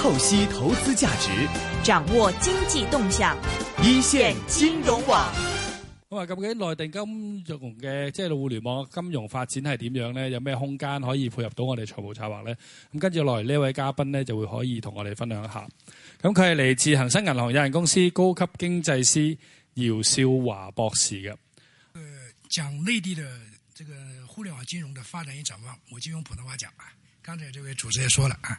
透析投資價值，掌握經濟動向，一線金融網。咁啊，究竟內地金融嘅，即係互聯網金融發展係點樣呢？有咩空間可以配合到我哋財務策劃呢？咁跟住落嚟呢位嘉賓呢，就會可以同我哋分享一下。咁佢係嚟自恒生銀行有限公司高級經濟師姚少華博士嘅。呃，講內地嘅這個互聯網金融嘅發展與展望，我就用普通話講啊。剛才這位主持人說了啊。